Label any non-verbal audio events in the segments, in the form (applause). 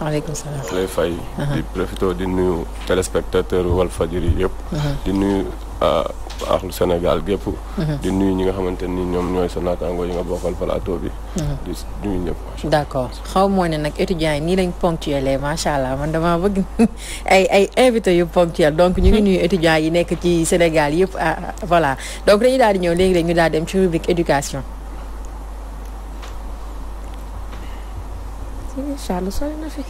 maaleykum salaam lay fay. Uh-huh. di profité di nuyu téléspectateur Walfadjri yëpp. Uh-huh. di nuyu uh, axlu Sénégal gépp uh-huh. di nuyu ñi nga xamante ni ñoom ñooy sa naataangoo yi nga bokkal nuyu ñëpp. d' accord xaw moo ne nag étudiants yi nii lañ ponctuelé macha man damaa bëgg (laughs) ay invité yu ponctuel donc ñu ngi hmm. nuyu étudiants yi nekk ci Sénégal yëpp ah, ah, voilà donc dañuy daal di ñëw léegi rek ñu daal dem ci rubrique éducation. Charles sori fi.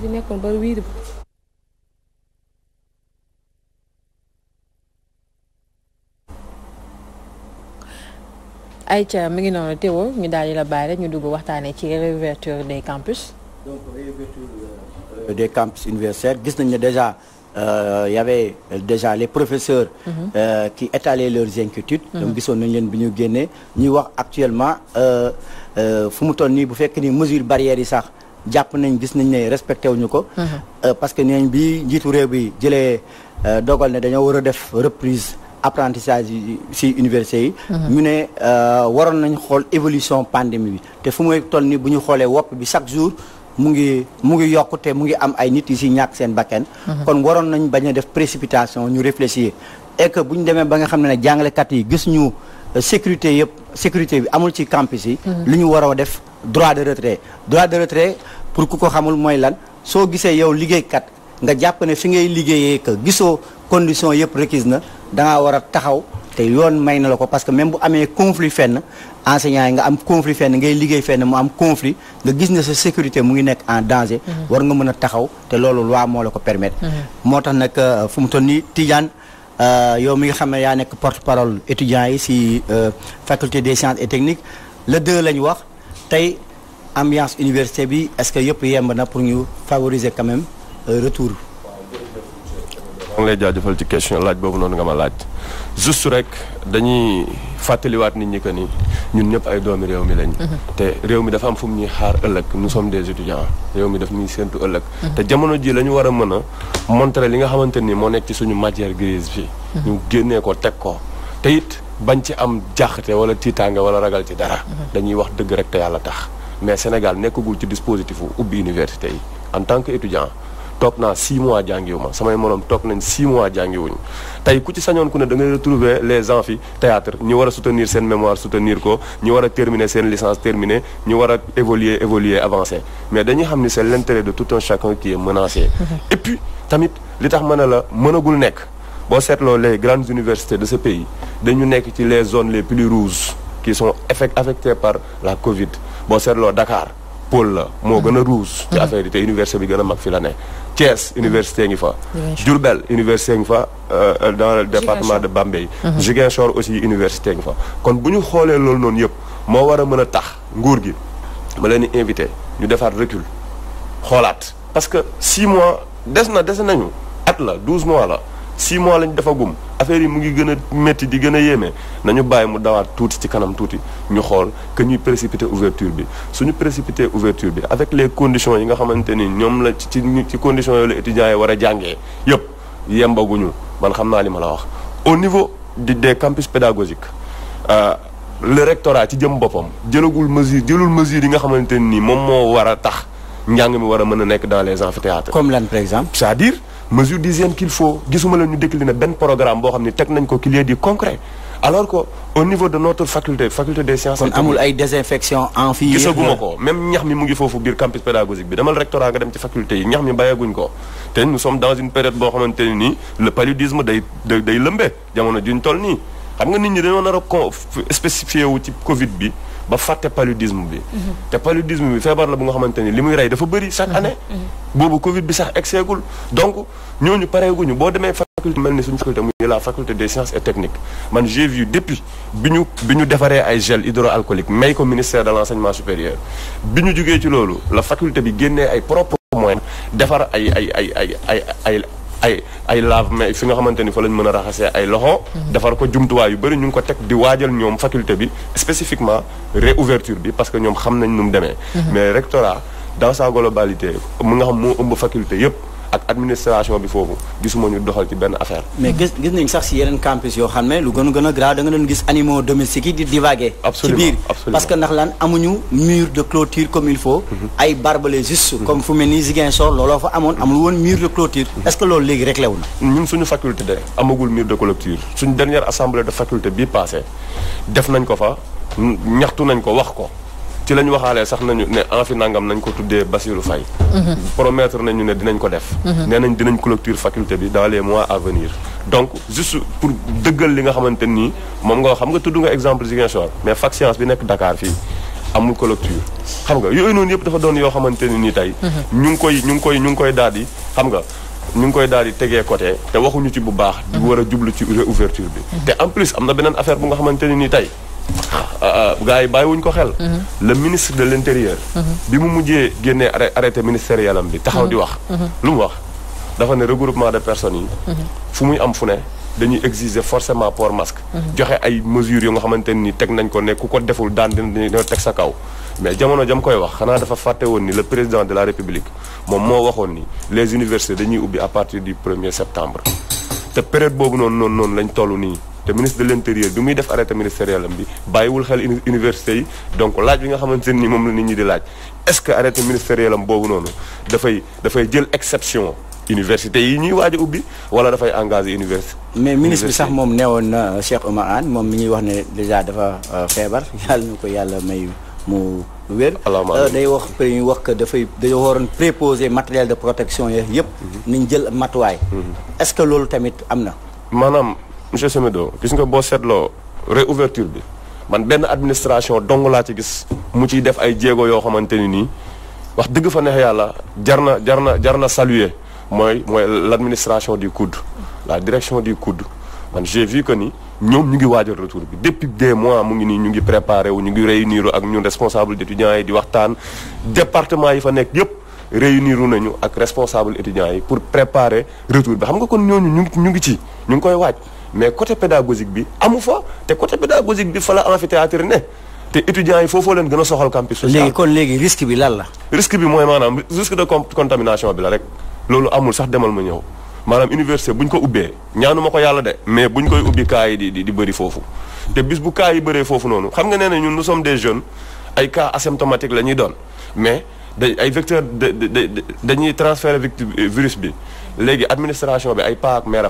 fi nekkoon ba wiir bi mi ngi noonu teewoo ñu daal di la bàyyi ñu dugg waxtaanee ci réouverture des campus. Euh, des campus universitaires gis nañ ne déjà. il euh, y avait déjà les professeurs mhm. euh, qui étalaient leurs inquiétudes mhm. donc gisoon nañ leen bi ñu génnee ñuy wax actuellement euh, fu mu toll nii bu fekk ni mesure barrières yi sax jàpp nañ gis nañ ne respecté wuñu ko mhm. parce que neeñ bi njiitu réew bi jëlee dogal ne dañoo war def reprise apprentissage si ci université yi ñu ne waroon nañ xool évolution pandémie bi te fu muy toll nii bu ñu xoolee wopp bi chaque jour mu ngi mu ngi yokk te mu ngi am ay nit yi si ñàkk seen bakken mhm. kon waroon nañ bañ a def précipitation ñu réfléchir et que bu ñu demee ba nga xam ne ne jàngalekat yi gis ñu euh, sécurité yëpp sécurité bi amul ci campus yi mhm. li ñu waroo def droit de retrait droit de retrait pour ku ko xamul mooy lan soo gisee yow liggéeykat nga jàpp ne fi ngay liggéeyee que gisoo condition yëpp requise na da ngaa war a taxaw te yoon may na la ko parce que même bu amee conflit fenn enseignant yi nga am conflit fenn ngay liggéey fenn mu am conflit nga gis ne sa sécurité mu ngi nekk en danger. Mhm. war nga mën a taxaw te loolu loi moo la ko permettre. Mhm. moo tax nag euh, fu mu toll nii Tidiane euh, yow mi ngi xam ne yaa nekk porte parole étudiants yi si euh, faculté des sciences et techniques le deux lañ wax tey ambiance université bi est-ce que yëpp yemb na pour ñu favoriser quand retour. maa ngi lay jaajëfal laaj boobu noonu juste rek dañuy fàttaliwaat nit ñi que ni ñun ñëpp ay doomi réew mi lañ. Mhm. te réew mi dafa am fu mu ñuy xaar ëllëg nous sommes des étudiants réew mi daf ñuy séntu ëllëg. Mhm. te jamono ji la ñu war a mën a montrer li nga xamante ni moo nekk ci suñu matière grise bi. Mhm. ñu génnee ko teg ko te bañ ci am jaaxate wala tiitaange wala ragal ci dara. dañuy wax dëgg rek te yàlla tax mais Sénégal nekkagul ci dispositif ubbi université yi en tant que étudiant. toog naa 6 mois jàngiwuma samay moroom toog nañ 6 mois jàngiwuñu tey ku ci sañoon ku ne da ngay retrouver les amphithéâtre ñu war a soutenir seen mémoire soutenir ko ñu war a terminer seen licence terminer ñu war a évoluer évoluer avancer mais dañuy xam ni seen l'intérêt de tout un chacun qui est menacé mm-hmm. et puis tamit li tax mën a la mënagul nekk boo seetloo les grandes universités de ce pays dañu nekk ci les zones les plus rouges qui sont affectées par la Covid boo seetloo Dakar pôle la moo mm-hmm. gën a rouge ci mm-hmm. affaire bi gën a mag fi la ne Thiès université ngi fa. Diourbel université ngi fa euh, dans le département de Bambey. Mhm. Ziguinchor aussi université ngi fa. kon bu ñu xoolee loolu noonu yëpp moo war a mën a tax nguur gi ma leen invité ñu defaat recul xoolaat parce que six mois des na des nañu at la douze mois la. six mois lañ defagum affaire yi mu ngi gën a métti di gën a yéeme nañu bàyyi mu dawaat tuuti ci kanam tuuti ñu xool que ñuy précipité ouverture bi suñu précipité ouverture bi avec les conditions yi nga xamante ni ñoom la ci ci conditions yooyu la étudiants yi war a jàngee yëpp yembaguñu man xam naa li ma la wax au niveau di des campus pédagogiques euh, le rectorat ci jëm boppam jëlagul mesure jëlul mesure yi nga xamante ni moom moo war a tax njàng mi war a mën a nekk dans les amphithéâtres comme lan exemple cest à mesures d'hygiène qu'il faut gisuma leen ñu décliner benn programme boo xam ne teg nañ ko qu'il y ait du concret alors que au niveau de notre faculté faculté des sciences. kon amul ay désinfection en fii gisaguma ko même ñax mi mu ngi foofu biir campus pédagogique bi demal rectorat nga dem ci faculté yi ñax mi bàyyeeguñ ko te nous sommes dans une période boo xamante ne nii le paludisme day day day lëmbee jamono juñ toll nii xam nga nit ñi dañoo nar a spécifié wu ci Covid bi. ba fàtte paludisme bi te paludisme bi feebar la bu nga xamante ni li muy rey dafa bëri chaque année boobu covid bi sax egseegul donc ñooñu pareeguñu boo demee faculté mel ni suñu faculté muy la faculté de sciences et techniques man j'ai vu depuis bi ñu bi ñu defaree ay gel hydroalcoolique may ko ministère de l'enseignement supérieur bi ñu jugee ci loolu la faculté bi génnee ay propre moyen defar ay ay ay ay ay ay ay ay lave mais fi nga xamante ni fa lañ mën a raxasee ay loxo. Mhm. defar ko jumtuwaay yu bëri ñu ngi ko teg di waajal ñoom faculté bi spécifiquement réouverture bi parce que ñoom xam nañ nu mu demee. Mhm. mais rectorat dans sa globalité mu nga xam moo ëmb faculté yëpp. ak administration bi foofu gisuma ñu doxal ci benn affaire. mais gis gis nañ sax si yeneen campus yoo xam ne lu gën a gën a grave da nga doon gis animaux domestiques yi di divaguer. ci biir parce que ndax lan amuñu mur de clôture comme il faut. Mhm. ay barbelés juste. Mhm. comme fu mel ni Ziguinchor looloo fa amoon amul woon mur de clôture. Mhm. est-ce que loolu léegi réglé wu na. ñun suñu faculté de amagul mur de clôture suñu dernière assemblée de faculté bii passé def nañ ko fa ñaxtu nañ ko wax ko. ci la ñu waxaalee sax nañu ne en fi nangam nañ ko tuddee Bassirou Faye promettre nañu ne dinañ ko def nee nañ dinañ clôture faculté bi dans les mois à venir donc juste pour dëggal li nga xamante nii moom nga xam nga tudd nga exemple Ziguinchor mais fac bi nekk Dakar fii amul clôture xam nga yooyu noonu yëpp dafa doon yoo xamante ni nii tey ñu ngi koy ñu ngi koy ñu ngi koy daal di xam nga ñu ngi koy daal di tegee côté te waxuñu ci bu baax di war a jublu ci réouverture bi te en am na beneen affaire bu nga xamante ni nii tey Ah, ah, gaa yi bàyyi bàyyiwuñ ko xel. Mhm. le ministre de l' intérieur. Mhm. bi mu mujjee génnee arrêté ministère am bi. taxaw mhm. di wax. lu mu wax dafa ne regroupement de personnes yi. fu muy am fu ne dañuy exiger forcément port masque. joxe ay mesures yu nga xamante ni teg nañ ko ne ku ko deful daan dina teg sa kaw. mais jamono jam koy wax xanaa dafa fàtte woon ni le président de la république moom moo waxoon ni les universités dañuy ubbi à partir du premier septembre te période boobu noonu noonu noonu lañ toll nii. te ministre de l' intérieur bi muy def arrêté ministériel am bi bàyyiwul xel université yi donc laaj bi nga xamante ni moom la nit ñi di laaj est ce que arrêté ministériel am boobu noonu dafay dafay jël exception université yi ñuy waaj a ubbi wala dafay engagé université. mais ministre bi sax moom neewoon na Cheikh Oumar Anne moom mi ñuy wax ne dèjà dafa euh, feebar (laughs) yàlla na ko yàlla may mu wér. Euh, day wax ñu wax que dafay dañoo waroon préposer matériel de protection yooyu yëpp. Mhm. nañ jël matuwaay. Mhm. est ce que loolu tamit am na. maanaam. monsieur Semedo gis nga boo seetloo réouverture bi man benn administration dong laa ci gis mu ciy def ay jéego yoo xamante ni nii wax dëgg fa neex yàlla jar na jar na jar na saluer mooy mooy l' administration du COUD la direction du COUD man j'ai vu que ni ñoom ñu ngi waajal retour bi depuis des mois mu ngi nii ñu ngi préparer wu ñu ngi réunir ak ñun responsable d' étudiants yi di waxtaan département yi fa nekk yëpp réunir nañu ak responsable étudiants yi pour préparer retour bi xam nga kon ñooñu ñu ngi ñu ngi koy waaj mais côté pédagogique bi amu fa te côté pédagogique bi fa la amphithéâtre ne te étudiants yi foofoo leen gën a soxal campus social. léegi kon léegi risque bi lan la. risque bi mooy maanaam risque de contamination bi la rek loolu amul sax demal ma ñëw maanaam université buñ ko ubbee ñaanu ma ko yàlla de mais buñ koy ubbi cas di di bëri foofu. te bis bu cas yi bëree foofu noonu xam nga nee na ñun nous sommes des jeunes ay cas asymptomatiques la doon mais day ay vecteurs de dañuy transférer virus bi léegi administration bi ay paa ak mère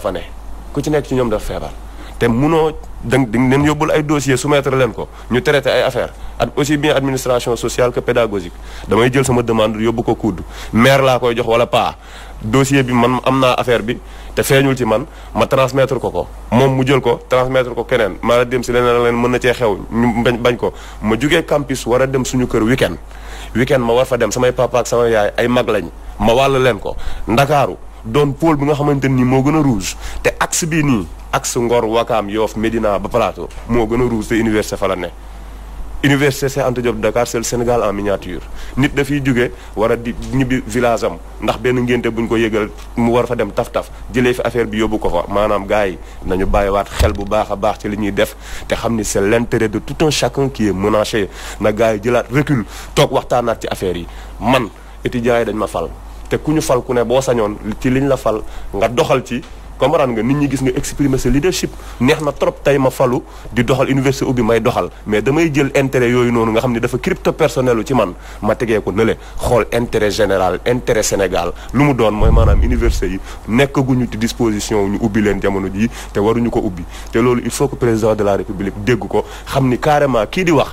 ku ci nekk ci ñoom daf feebar te munoo dang di leen yóbbul ay dossiers soumettre leen ko ñu traité ay affaires at aussi bien administration sociale que pédagogique damay jël sama demande yóbbu ko kudd maire laa koy jox wala paa dossier bi man am naa affaire bi te feeñul ci man ma transmettre ko ko moom mu jël ko transmettre ko keneen ma la dem si leneen leen mën na cee xew ñu bañ bañ ko ma jugee campus war a dem suñu kër weekend weekend ma war fa dem samay papa ak sama yaay ay mag lañ ma wàll leen ko ndakaaru doon pôle bi nga xamante nii moo gën a rouge te axe bii nii axe Ngor Wakaam Yoff Médina ba Plateau moo gën a rouge te université fa la ne. université Cheikh Anta Diop Dakar c'est le Sénégal en miniature nit dafiy jóge war a di ñibbi village am ndax benn ngénte buñ ko yëgal mu war fa dem taf-taf jëlee fi affaire bi yóbbu ko fa maanaam gars yi nañu bàyyiwaat xel bu baax a baax ci li ñuy def te xam ni c'est l'intérêt de tout un chacun qui est menacé na gars yi jëlaat recul toog waxtaanaat ci affaire yi man étudiants yi dañ ma fal te ku ñu fal ku ne boo sañoon ci liñ la fal nga doxal ci comprendre nga nit ñu gis nga exprimer sa leadership neex na trop tey ma falu di doxal université ubbi may doxal mais damay jël intérêt yooyu noonu nga xam ne dafa crypto personnel ci man ma tegee ko nële xool intérêt général intérêt Sénégal lu mu doon mooy maanaam université yi nekkaguñu ci disposition ñu ubbi leen jamono jii te waruñu ko ubbi te loolu il faut que président de la république dégg ko xam ni carrément di wax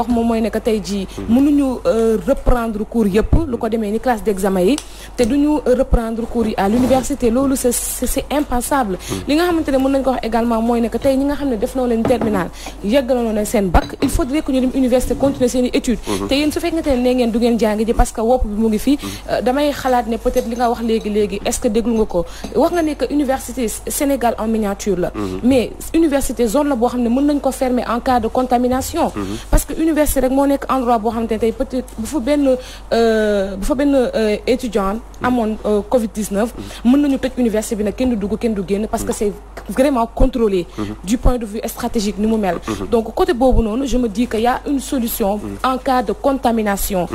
wax moom mooy ne que tey jii mënuñu euh, reprendre cours yëpp lu ko demee ni classe d'examen yi te duñu reprendre cours yi à l'université loolu c'est c'est li nga xamante ne mun nañ ko wax également mooy ne que tey ñi nga xam ne def noo leen terminale yeggaloo leen seen bac il faudrait que ñu dem université continuer seen i études mhm. te yéen su fekkente ne nee ngeen du ngeen jàngi ji parce que wopp bi mu ngi fii mhm. euh, damay xalaat ne peut-être li nga wax léegi léegi est-ce que déglu nga ko wax nga la mhm. mais université zone la boo xam ne mën nañ ko fermer en cas contamination université rek moo nekk endroit boo xamante ne tey peut-être bu fa benn euh, bu fa benn euh, étudiant amoon euh, Covid 19. nañu tëj université bi nag kenn du dugg kenn du génn parce que c'est vraiment contrôlé. Mhm. du point de vue stratégique ni mu mel. Mhm. donc côté boobu noonu je me dis que y a une solution. Mhm. en cas de contamination.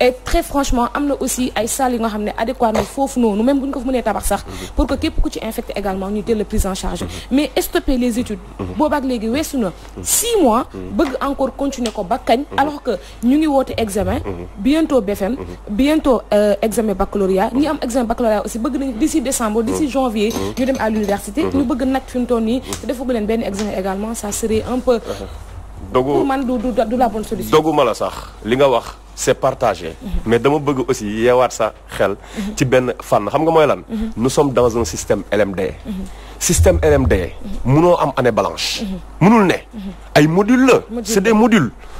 et très franchement am na aussi ay salles yi nga xam ne adéquat na foofu noonu même bu ñu ko mënee tabax sax. pour que képp ku ci infecté également ñu jël la prise en charge. mais stopper ba kañ mhm. alors que ñu ngi woote examen mhm. bientôt BFM mhm. bientôt euh, examen baccalauréat ñi am examen baccalauréat aussi bëgg nañ d'ici décembre d'ici janvier ñu dem à l'université ñu bëgg nag fi mu toll nii te defagu leen benn examen également ça serait un peu uh-huh. dogu man du la bonne solution doguma la sax li nga wax c'est partagé mais dama bëgg aussi yeewaat sa xel ci benn fànn xam nga mooy lan nous sommes dans un système LMD système LMD mënoo am année blanche mënul ne ay modules la c'est des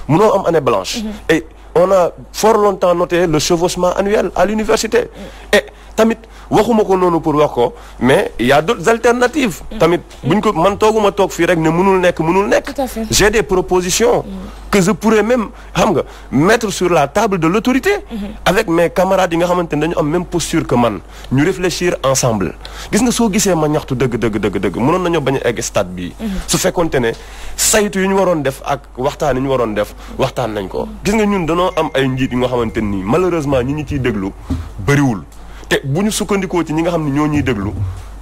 mënoo am année blanche. Mhm. et on a fort longtemps noté le chevauchement annuel à l'université et tamit waxuma ko noonu pour wax ko mais ya a d'autres alternatives mm. tamit buñ ko man tooguma toog fii rek ne mënul nekk mënul nekk j'ai des propositions mm. que je pourrais même xam nga mettre sur la table de l'autorité mm-hmm. avec mes camarades yi nga xamante ne dañu am même posture que man ñu réfléchir ensemble gis nga soo gisee ma ñaxtu dëgg dëgg dëgg mënoon nañoo bañu a egg stade bii mm-hmm. su fekkonte ne saytu yu ñu waroon def ak waxtaan yi ñu waroon def waxtaan nañ ko gis nga ñun danoo am ay njiit yi nga xamante nii malheureusement ñi ñu ciy déglu bëriwul te bu ñu sukkandikoo ci ñi nga xam ne ñoo ñuy déglu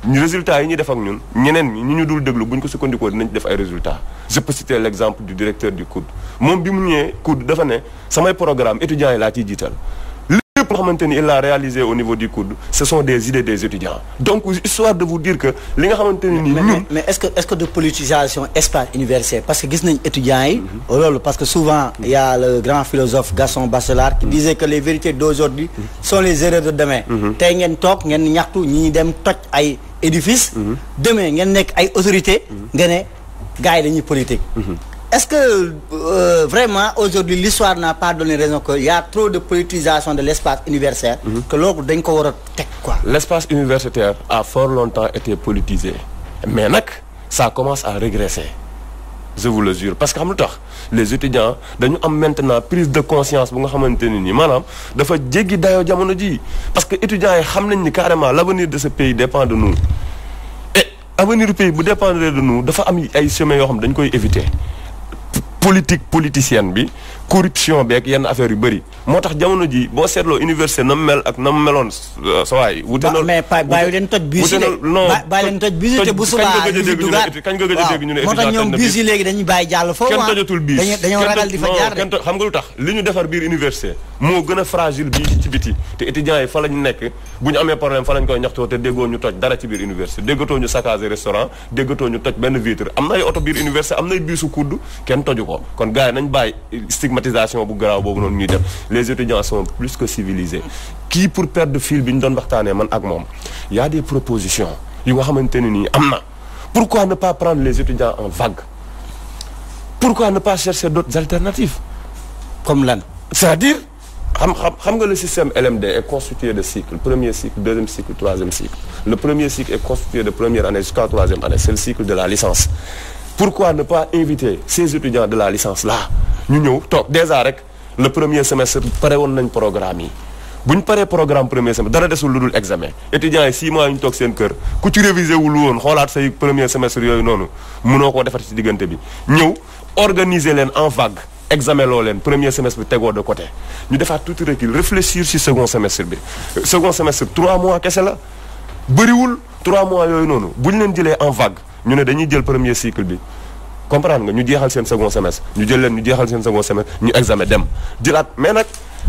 ñu résultat yi ñu def ak ñun ñeneen ñi ñu ñu dul déglu bu ñu ko sukkandikoo dinañ def ay résultat je peux citer exemple du directeur du COUD moom bi mu ñëwee COUD dafa ne samay programme étudiants yi laa ciy jiital lépp loo xamante ni il l'a réalisé au niveau du COUD ce sont des idées des étudiants donc histoire de dire que li nga xamante ni nii ñun mais est-ce que est-ce que de politisation espace universitaire parce que gis nañ étudiants yi mhm. loolu parce que souvent il y a le grand philosophe Gaston Bachelard qui mhm. disait que les vérités d'aujourd'hui mhm. sont les erreurs de demain tey ngeen toog ngeen ñaxtu ñi dem toj ay édifice demain ngeen nekk ay autorité nga ne gars yi dañuy politique est-ce que euh, vraiment aujourd'hui l'histoire n'a pas donné raison que y a trop de politisation de l'espace universitaire mm -hmm. que loolu dañ ko war a teg quoi l'espace universitaire a fort longtemps été politisé mais nag ça commence à régresser je le jure parce que xam lu tax les étudiants dañu am maintenant prise de conscience bu nga xamante ne nii maanaam dafa jéggi dayoo jamono jii parce que étudiants yi xam nañ ni carrément l'avenir de ce pays dépend de nous et avenir du pays bu dépendre de dafa am ay yoo xam dañ koy éviter politique politicienne bi corruption beeg yenn affaire yu bëri moo tax jamono ji boo seetloo université na mu mel ak na mu meloon euh, sa waay. wute na mais Paa toj. bus te bu subaa ñu li ñu defar biir université moo gën a fragile bii ci biti te étudiants yi fa lañ nekk bu ñu amee problème fa lañ koy ñaxtoo te déggoo ñu toj dara ci biir université déggatoo ñu saccager restaurant déggatoo ñu toj benn vitre am nay oto biir université am nay bisu kudd kenn toju ko kon gars stigmatisation bu garaaw boobu noonu ñuy def les étudiants sont plus que civilisés kii pour perdre fil bi ñu doon waxtaanee man ak moom y a des propositions yu nga xamante ne nii am na pourquoi ne pas prendre les étudiants en vague pourquoi ne pas chercher d'autres alternatives comme lan c'est-à-dire xam xam xam nga le système LMD est constitué de cycles premier cycle deuxième cycle troisième cycle le premier cycle est constitué de première année jusqu'à troisième de la licence pourquoi ne pas inviter ces étudiants la licence là ñu ñëw toog déjà rek le premier semestre pare woon nañ programme yi bu ñu paree programme premier semestre dara desul lu dul examen étudiants yi 6 mois ñu toog seen kër ku ci révisé wul woon xoolaat say premier semestre yooyu noonu munoo koo defar ci diggante bi ñëw organiser leen en vague examen loo leen premier semestre bi tegoo de côté ñu defaat tuuti recul réfléchir ci second semestre bi second semestre trois mois kese la bariwul 3 mois yooyu noonu bu ñu leen jëlee en vague ñu ne dañuy jël premier cycle bi comprendre nga ñu jeexal seen second semestre ñu jël leen ñu jeexal seen second semestre ñu examen dem jëlaat mais nag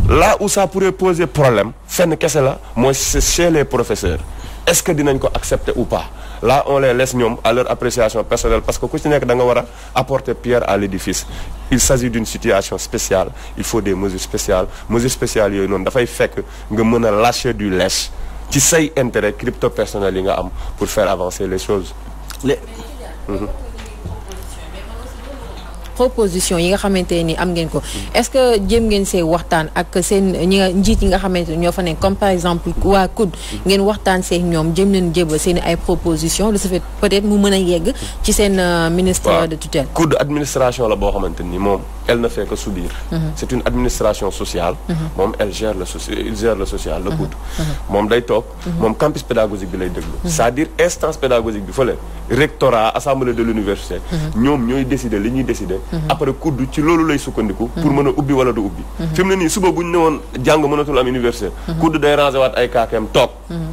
là où ça pourrait poser problème fenn kese la mooy chez les professeurs est-ce que dinañ ko accepter ou pas là on les laisse ñoom à leur appréciation personnelle parce que ku ci nekk da nga war a apporter pierre à l'édifice il s'agit d'une situation spéciale il faut des mesures spéciales mesures spéciales yooyu noonu dafay fekk nga mën a lâcher du ci say intérêt crypto personnel yi nga am pour faire avancer les choses. les. Mhm. proposition yi nga xamante ni am ngeen ko mm. est-ce que jéem ngeen see waxtaan ak seen ñi nga njiit yi nga xamante ñoo fa ne comme par exemple waa COUD mm. ngeen waxtaan see ñoom jéem leen jébal seen ay proposition de ce fait peut-être mu mën a yegg mm. ci seen euh, ministère de tutelle COUD administration la boo xamante ni moom elle ne fait que subir mm-hmm. c'est une administration sociale mm-hmm. moom elle gère le il gère le social le mm-hmm. COUD moom day toog moom campus pédagogique bi lay déglu sa à dire instance pédagogique bi fële rectorat assemblée ñoom ñooy décider li ñuy décider Mhm. après kudd ci loolu lay sukkandiku mhm. pour mën a ubbi wala du ubbi mhm. fi mu ne nii suba buñ ne woon jàng mënatul am université kudd day rangé waat ay kaakeem toog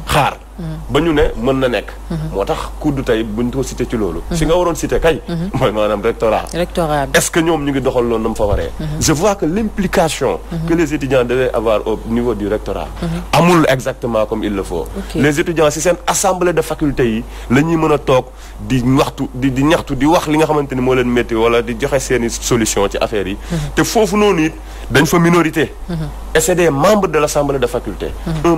xaar ba ñu ne mën na nekk. moo tax kudd tey buñ ko cité ci loolu. fi nga waroon cité kay. mooy maanaam rectorat. rectorat est-ce que ñoom ñu ngi doxal loolu na mu fa waree. je vois que l'implication. que les étudiants devaient avoir au niveau du rectorat. amul exactement comme il le faut. les étudiants si seen assemblée de faculté yi la mën a toog di waxtu di di ñaxtu di wax li nga xamante ni moo leen métti wala di joxe seeni solution ci affaire yi. Mhm. te foofu noonu it dañ fa minorité. Mhm. et c'est des membres de l'assemblée de faculté. Mhm.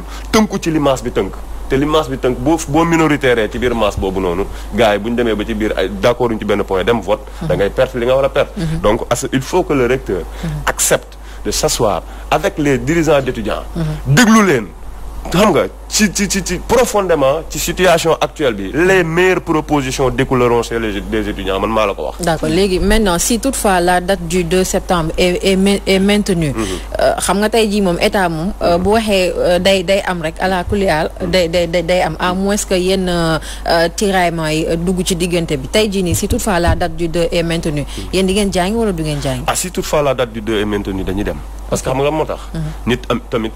bokkul tënku ci li masse bi tënk te li masse bi tënk boo boo minoritaire ci biir masse boobu noonu gars bu ñu demee ba ci biir ay d'accord ci benn point dem vote mhm. da perte li nga war a perte mhm. donc il faut que le recteur mhm. accepte de s'asseoir avec les dirigeants d'étudiants déglu leen xam nga ci ci ci profondément ci situation actuelle bi les meilleures propositions découleront chez les des étudiants man maa la ko wax. d'accord léegi maintenant si toutefois la date du 2 septembre est est est mhm. euh, xam nga tey ji moom état moom euh, mhm. bu waxee euh, day day am rek ala kulial mhm. day day day am à moins que yenn tiraillement yi dugg ci diggante bi tey jii nii si toutefois la date du 2 est maintenue yéen di ngeen jàngi wala du ngeen jàngi. ah si toutefois la dem. parce que xam moo tax. nit am tamit.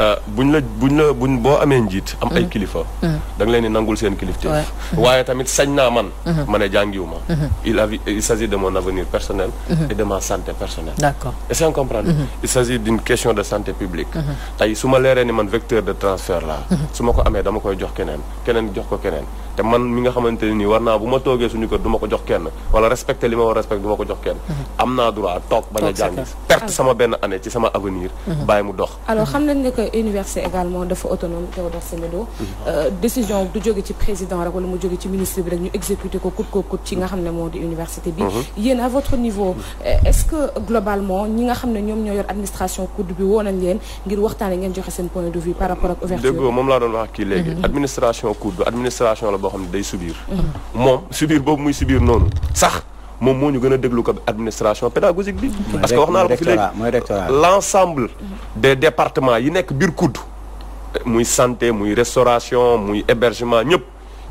Euh, buñ la buñ la buñ boo amee njiit. am ay mm. kilifa. Mm. da nga leen di nangul seen kilifteef. Mm-hmm. waaye tamit sañ naa man. Mm-hmm. ma ne jàngiwu ma. Mm-hmm. il a il s'agit de mon avenir personnel. et de santé personnelle. d'accord est-ce que comprendre. il s'agit d'une question de santé publique. tey su ma leeree ni man vecteur de transfert laa. su ma ko amee dama koy jox keneen keneen jox ko keneen. te man mi nga xamante nii war naa bu ma toogee suñu kër du ma ko jox kenn wala respecté li war respecté du ma ko jox kenn mhm. am naa droit toog bañ a jàngi perte sama benn année ci sama avenir mhm. bàyyi mu dox alors xam ne que université dafa autonome Théodore Semedo mhm. euh, décision du jóge ci président rek wala mu jóge ci ministre bi rek ñu exécuté ko coûte ci nga xam ne moo di université bi yéen à votre niveau est-ce que globalement ñi nga xam ne ñoom ñoo xam ne day subir. moom subir boobu muy subir noonu sax moom moo ñu gën a déglu ko administration pédagogique bi. parce que wax naa la ko fi léegi mooy rectorat l' ensemble des départements yi nekk biir COUD. muy santé muy restauration muy hébergement ñëpp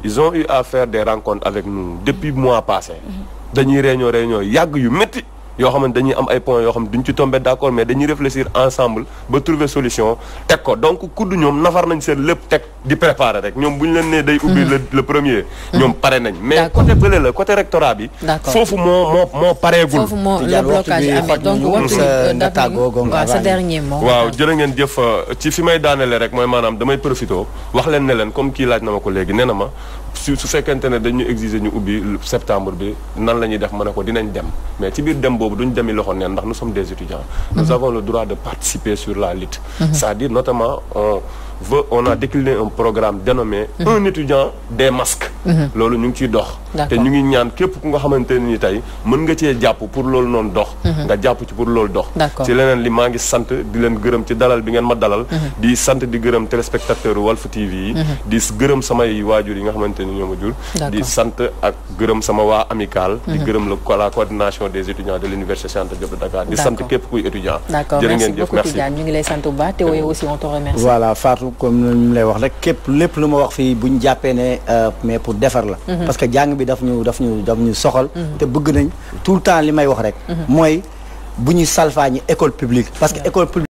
ils ont eu à des rencontres avec nous depuis mois passé. Mm-hmm. dañuy réunion réunion yàgg yu métti. yoo xam ne dañuy am ay points yoo xam ne duñ ci tombé d'accord mais dañuy réfléchir ensemble ba trouver solution teg ko donc kudd ñoom nafar nañ seen lépp teg di préparer rek ñoom bu ñu leen nee day ubbi hmm. le le premier ñoom pare nañ hmm. mais côté bële la côté rectorat bi foofu moo moo paree moo pareegul euh, waaw jërë ngeen jëf euh, ci fi may daanele rek mooy maanaam damay profité wax leen ne leen comme kii laaj na ma ko léegi nee na ma su su fekkente ne dañu exiger ñu ubbi septembre bi nan la ñuy def mën a ko dinañ dem mais ci biir dem boobu duñ demi loxo neen ndax nous sommes des étudiants mm-hmm. nous avons le droit de participer sur la lutte mm-hmm. c'est-à-dire notamment on veut on a décliné un programme dénommé mm-hmm. un étudiant des masques loolu ñu ngi ciy dox te ñu ngi ñaan képp ku nga xamante ni tey mën nga cee jàpp pour loolu noonu dox Mm-hmm. nga jàpp ci pour loolu dox ci leneen li maa ngi sant di leen gërëm ci dalal bi ngeen ma dalal mm-hmm. di sant di gërëm téléspectateur Walf TV yi mm-hmm. di gërëm samay waajur yi nga xamante ni ñoo ma jur di sant ak gërëm sama waa amical di gërëm la la coordination des étudiants de l'université Cheikh Anta Dakar di sant képp kuy étudiant jërë ngeen sant bu baax te yow aussi on te euh, pour defar la parce que jàng bi daf ñu daf ñu soxal te bëgg nañ tout temps li bu ñuy salfaañi école publique parce que école publique